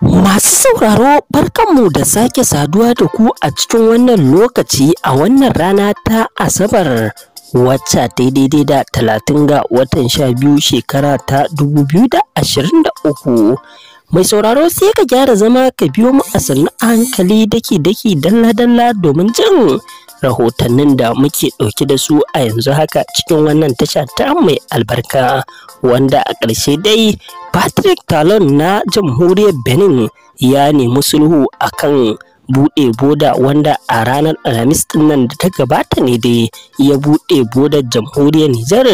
Masu sauraro barkanmu da sake saduwa da ku a cikin wannan lokaci a wannan rana ta Asabar wacce ta daidai da talatin ga watan sha biyu shekara ta dubu biyu da ashirin da uku Mai sauraro sai ka gyara zama ka biyo mu a sannu a hankali daki-daki dalla-dalla domin jin rahotannin da muke ɗauke da su a yanzu haka cikin wannan tasha ta mai albarka wanda a ƙarshe dai patrick talon na jamhuriyar benin ya nemi sulhu akan buɗe boda wanda a ranar alhamis dinnan da ta gabata ne dai ya buɗe bodar jamhuriyar nijar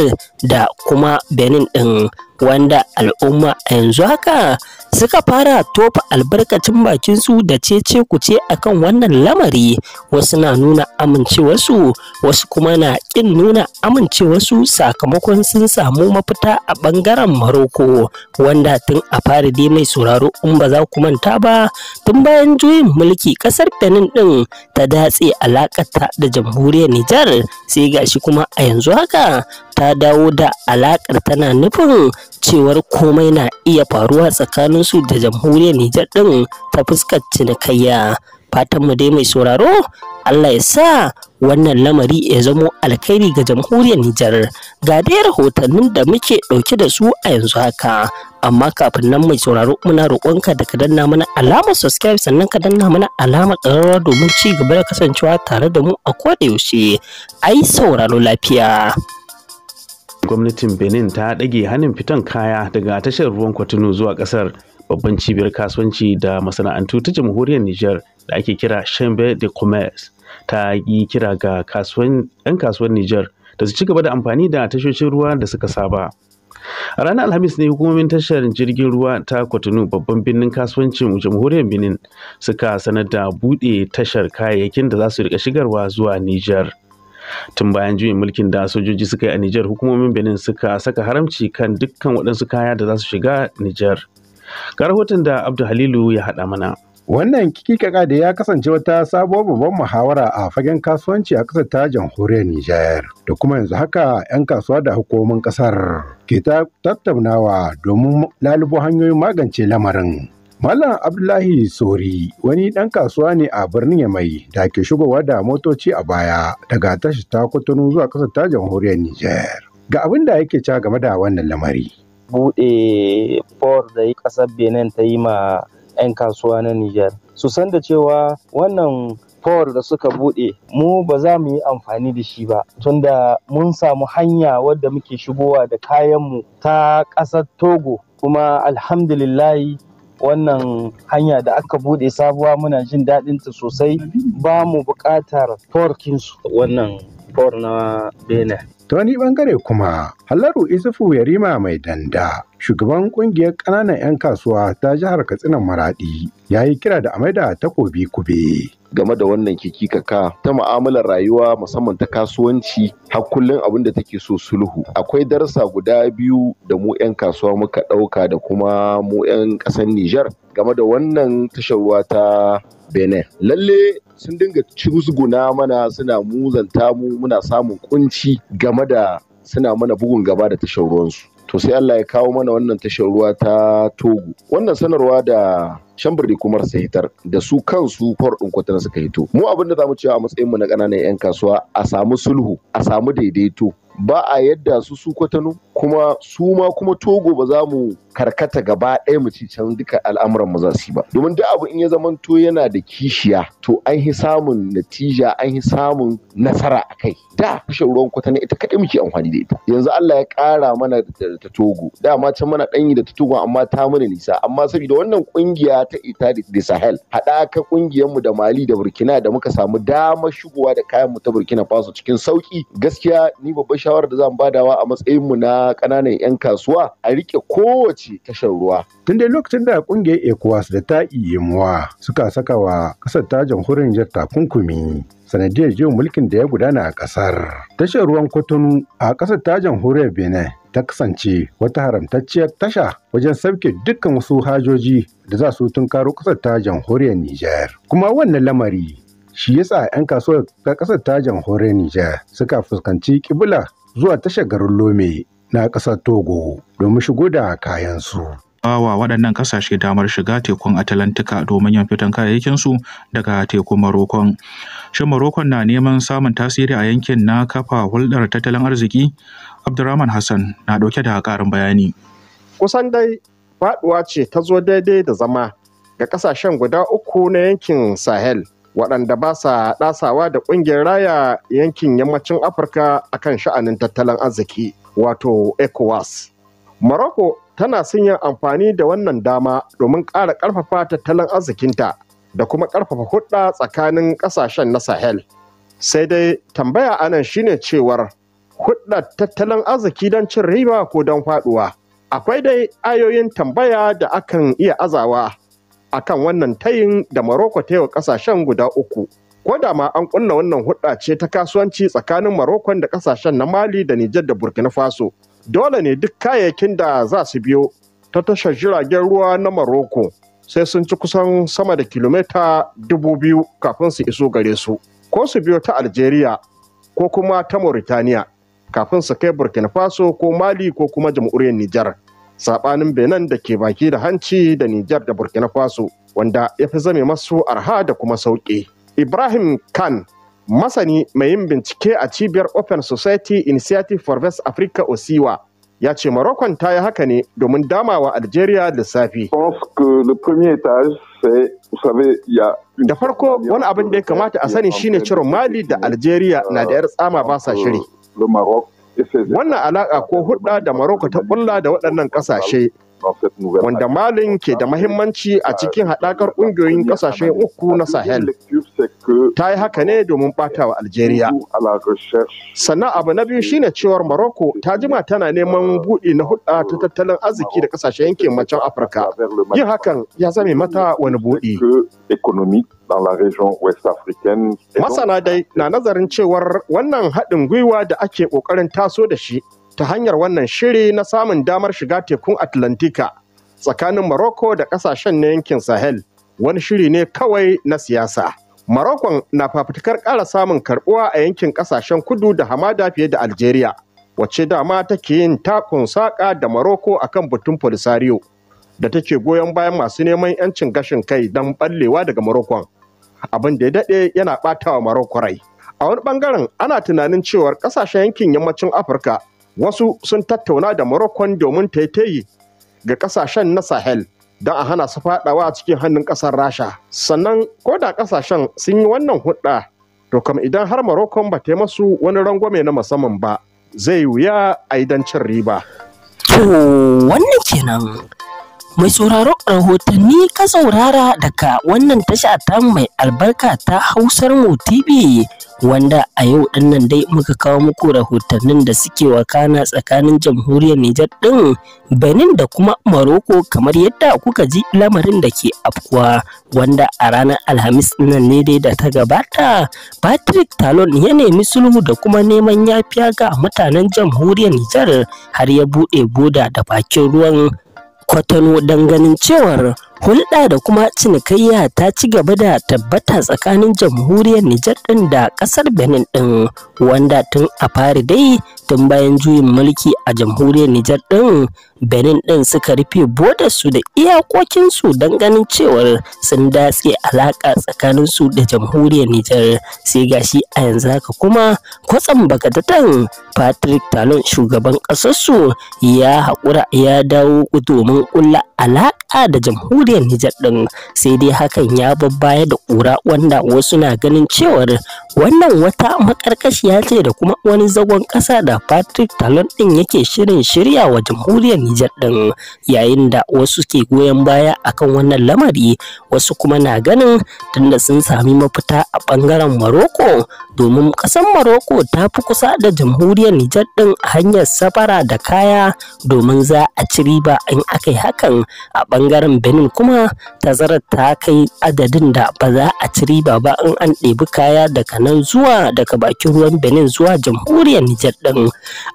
da kuma benin ɗin wanda al'umma a yanzu haka suka fara tofa albarkacin bakinsu da cece kuce akan wannan lamari wasu na nuna amincewarsu wasu kuma na ƙin nuna amincewarsu sakamakon sun samu mafita a ɓangaren maroko wanda tun a fara dai mai sauraro in ba za ku manta ba tun bayan juyin mulki kasar Benin din ta datse alakata da jamhuriyar Nijar sai gashi kuma a yanzu haka ta dawo da alakar tana nufin cewar komai na iya faruwa tsakanin su da jamhuriyar Nijar din ta fuskar cinikayya fatan mu dai mai sauraro Allah ya sa wannan lamari ya zamo alkhairi ga jamhuriyar Nijar ga dai rahotannin da muke ɗauke da su a yanzu haka amma kafin nan mai sauraro muna roƙonka da ka danna mana alamar subscribe sannan ka danna mana alamar ƙararrawa domin ci gaba da kasancewa tare da mu a kodayaushe ai sauraro lafiya. gwamnatin benin ta ɗage hannun fitan kaya daga tashar ruwan kwatano zuwa ƙasar babban cibiyar kasuwanci da masana'antu ta jamhuriyar Nijar da ake kira chamber de commerce ta yi kira ga 'yan kasuwar Nijar da su ci gaba da amfani da tashoshin ruwa da suka saba. A ranar Alhamis ne hukumomin tashar jirgin ruwa ta Kwatano babban birnin kasuwancin jamhuriyar Benin suka sanar da buɗe tashar kayayyakin da za su rika shigarwa zuwa Nijar. Tun bayan juyin mulkin da sojoji suka yi a Nijar hukumomin Benin suka saka haramci kan dukkan waɗansu kaya da za su shiga Nijar. Ga rahoton da abdulhalilu Halilu ya haɗa mana. Wannan kikikaka da ya kasance wata sabuwar babban muhawara a fagen kasuwanci a ƙasar ta jamhuriyar Nijar da kuma yanzu haka 'yan kasuwa da hukumomin ƙasar ke tattaunawa domin lalubo hanyoyin magance lamarin. Malam Abdullahi Sori wani ɗan kasuwa ne a birnin Yamai da ke shigowa da motoci a baya daga tashi ta kotunu zuwa ƙasar ta jamhuriyar Nijar. Ga abin da yake ca game da wannan lamari. buɗe for da ƙasar benin ta yi ma 'yan kasuwa na Nijar. Su san da cewa wannan kowar da suka buɗe mu ba za mu yi amfani da shi ba tunda mun samu hanya wadda muke shigowa da kayanmu ta ƙasar Togo kuma alhamdulillahi wannan hanya da aka bude sabuwa muna jin daɗin sosai ba mu buƙatar forkinsu wannan for na benin ta wani bangare kuma Hallaru, isufu yarima mai danda shugaban kungiyar ƙananan 'yan kasuwa ta jihar katsina maradi ya yi kira da amaida takobi kube game da wannan kaka ta mu'amalar rayuwa musamman ta kasuwanci har kullum abin da take so sulhu akwai darasa guda biyu da mu 'yan kasuwa muka ɗauka da kuma mu 'yan ƙasar Nijar game da wannan tashar ta Benin lalle sun dinga cizguna mana suna muzanta mu muna samun kunci game game da suna mana bugun gaba da tashar ruwansu to sai Allah ya kawo mana wannan tashar ruwa ta Togo wannan sanarwa da shambar kumar sai hitar da su kansu for din kwatana suka hito mu abin da zamu cewa a matsayin mu na ƙananan 'yan kasuwa a samu sulhu a samu daidaito ba a yadda su su kwatano kuma su ma kuma Togo ba za mu karkata gaba ɗaya mu ci can duka al'amuran mu za su yi ba domin duk abu in ya zamanto yana da kishiya to an yi samun natija an yi samun nasara a kai da kushe ruwan kwatanni ita kaɗai muke amfani da ita yanzu Allah ya ƙara mana da ta togo ma can mana yi da ta togo amma ta mana nisa amma saboda wannan ƙungiya ta ita da sahel haɗaka ƙungiyarmu da mali da burkina da muka samu dama shigowa da kayan mu ta burkina faso cikin sauki gaskiya ni babbar shawarar da zan badawa a matsayin mu na ƙananan 'yan kasuwa a riƙe kowace ci tashar ruwa. Tun dai lokacin da kungiyar ECOWAS da ta iyemuwa suka saka wa kasar ta jamhuriyar Nijar takunkumi sanadiyar jin mulkin da ya gudana a kasar. Tashar ruwan Kotonu a kasar ta jamhuriyar Benin ta kasance wata haramtacciyar tasha wajen sauke dukkan wasu hajoji da za su tunkaro kasar ta jamhuriyar Nijar. Kuma wannan lamari shi yasa 'yan kasuwar ta kasar ta jamhuriyar Nijar suka fuskanci kibula zuwa tashar garin Lome na ƙasar Togo domin shigo da kayansu. bawa waɗannan ƙasashe damar shiga tekun Atalantika domin yin fitan kayayyakinsu daga tekun Marokon. Shin Marokon na neman samun tasiri a yankin na kafa hulɗar tattalin arziki? Abdurrahman Hassan na ɗauke da ƙarin bayani. Kusan dai faɗuwa ce ta zo daidai da zama ga ƙasashen guda uku na yankin Sahel waɗanda ba sa ɗasawa da ƙungiyar raya yankin yammacin Afirka akan sha'anin tattalin arziki. wato ECOWAS. Morocco tana sun yin amfani da wannan dama domin ƙara ƙarfafa tattalin arzikinta da kuma ƙarfafa hudda tsakanin ƙasashen na Sahel. Sai dai tambaya anan shine cewar hudda tattalin arziki don cin riba ko don faduwa. Akwai dai ayoyin tambaya da akan iya azawa akan wannan tayin da Morocco ta yi wa ƙasashen guda uku. ko da ma an kunna wannan hudda ce ta kasuwanci tsakanin Marokon da kasashen na Mali da Nijar da Burkina Faso. Dole ne duk kayayyakin da za su biyo ta tashar jiragen ruwa na Maroko sai sun ci kusan sama da kilomita dubu biyu kafin su iso gare su, ko su biyo ta Algeria ko kuma ta Mauritania kafin su kai Burkina Faso ko Mali ko kuma jamhuriyar Nijar. Sabanin Benin da ke baki da hanci da Nijar da Burkina Faso wanda ya fi zame masu arha da kuma sauƙi. Ibrahim Khan masani mai yin bincike a cibiyar Open Society Initiative for West Africa Osiwa ya ce Marokon ta yi haka ne domin damawa Algeria lissafi. Da farko wani abin da ya kamata a sani shine cire Mali da Algeria na da 'yar tsama ba sa euh, shiri. Wannan alaƙa ko hudda da maroko ta ƙulla da waɗannan ƙasashe wanda Malin ke da mahimmanci a cikin haɗakar ƙungiyoyin ƙasashen uku na Sahel. Ta yi haka ne domin ɓata wa Algeria. Sannan abu na biyu shine cewar Morocco ta jima tana neman buɗi na hudda ta tattalin arziki da ƙasashen yankin yammacin Afirka. Yin hakan ya zame mata wani buɗi. Masana dai na nazarin cewar wannan haɗin gwiwa da ake ƙoƙarin taso da shi ta hanyar wannan shiri na samun damar shiga tekun Atlantika tsakanin Morocco da kasashen na yankin Sahel wani shiri ne kawai na siyasa. Morocco na fafutukar ƙara samun karɓuwa a yankin ƙasashen kudu da hamada fiye da Algeria, wacce dama take yin takun saƙa da Morocco kan batun Polisario, da take goyon bayan masu neman 'yancin gashin kai don ɓallewa daga Morocco. Abin da ya daɗe yana ɓatawa Morocco rai. A wani ɓangaren ana tunanin cewar ƙasashen yankin yammacin Afirka wasu sun tattauna da Morocco domin taitayi ga kasashen na Sahel don a hana su fadawa cikin hannun kasar Rasha. Sannan ko da kasashen sun yi wannan hudda to kam idan har Morocco ba ta masu wani rangwame na musamman ba zai wuya a idan cin riba. To wannan kenan Mai sauraro rahotanni ka saurara daga wannan tasha ta mai albarka ta Hausar mu TV wanda a yau dinnan dai muka kawo muku rahotannin da suke wakana tsakanin jamhuriyar Nijar din Benin da kuma maroko kamar yadda kuka ji lamarin da ke afkuwa wanda a ranar Alhamis nan ne dai da ta gabata Patrick Talon ya nemi sulhu da kuma neman yafiya ga mutanen jamhuriyar Nijar har ya buɗe boda da bakin ruwan kwatano don ganin cewar hulɗa da kuma cinikayya ta ci gaba da tabbata tsakanin jamhuriyar Nijar ɗin da ƙasar Benin ɗin wanda tun a fari dai tun bayan juyin mulki a jamhuriyar Nijar ɗin Benin ɗin suka rufe su da iyakokinsu don ganin cewar sun datse alaƙa tsakaninsu da jamhuriyar Nijar sai gashi a yanzu haka kuma kwatsam bakatatan Patrick Talon shugaban ƙasarsu ya haƙura ya dawo domin ƙulla alaƙa da jamhuriyar Nijar ɗin sai dai hakan ya babbaya da ƙura wanda wasu na ganin cewar wannan wata maƙarƙashiya ce da kuma wani zagon ƙasa da da Patrick Talon ɗin yake shirin shirya wa jamhuriyar Nijar ɗin yayin da wasu ke goyon baya akan wannan lamari wasu kuma na ganin tunda sun sami mafita a ɓangaren Maroko domin ƙasar Maroko ta fi kusa da jamhuriyar Nijar ɗin hanyar safara da kaya domin za a ci riba in aka yi hakan a ɓangaren Benin kuma tazarar ta kai adadin da ba za a ci riba ba in an ɗebi kaya daga nan zuwa daga bakin ruwan Benin zuwa jamhuriyar Nijar ɗin.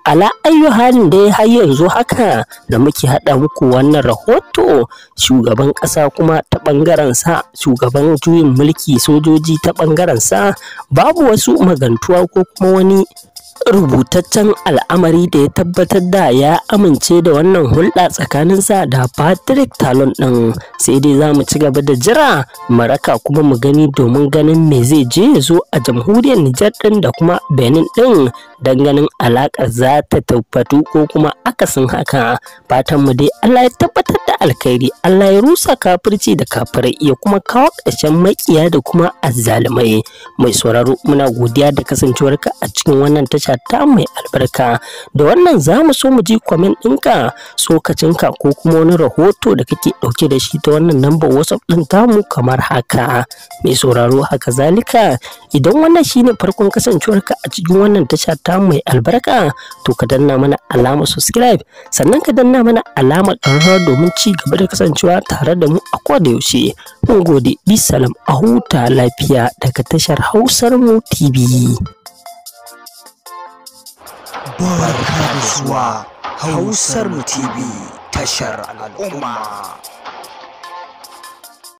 ala ayyuhan dai har yanzu haka da muke haɗa muku wannan rahoto shugaban ƙasa kuma ta ɓangaren shugaban juyin mulki sojoji ta bangaren sa babu wasu magantuwa ko kuma wani rubutaccen al'amari da ya tabbatar da ya amince da wannan hulɗa sa da patrick talon ɗin sai dai za mu ci gaba da jira maraka kuma mu gani domin ganin me zai je ya zo a jamhuriyar nijar ɗin da kuma benin ɗin don ganin alaƙar za ta tabbatu ko kuma akasin haka fatan mu dai Allah ya tabbatar da alkhairi Allah ya rusa kafirci da kafirai ya kuma kawo ƙarshen makiya da kuma azzalumai mai sauraro muna godiya da kasancewarka a cikin wannan tasha ta mai albarka da wannan za mu so mu ji kwamen ɗinka ka, ko kuma wani rahoto da kake ɗauke da shi ta wannan namba whatsapp ɗin tamu kamar haka mai sauraro haka zalika idan wannan shine farkon kasancewarka a cikin wannan tasha ta ta mai albarka to ka danna mana alamar subscribe sannan ka danna mana alamar ƙararrawa domin ci gaba da kasancewa tare da mu a da yaushe mun gode bisalam a huta lafiya daga tashar hausar mu tv barka da zuwa hausar mu tv tashar al'umma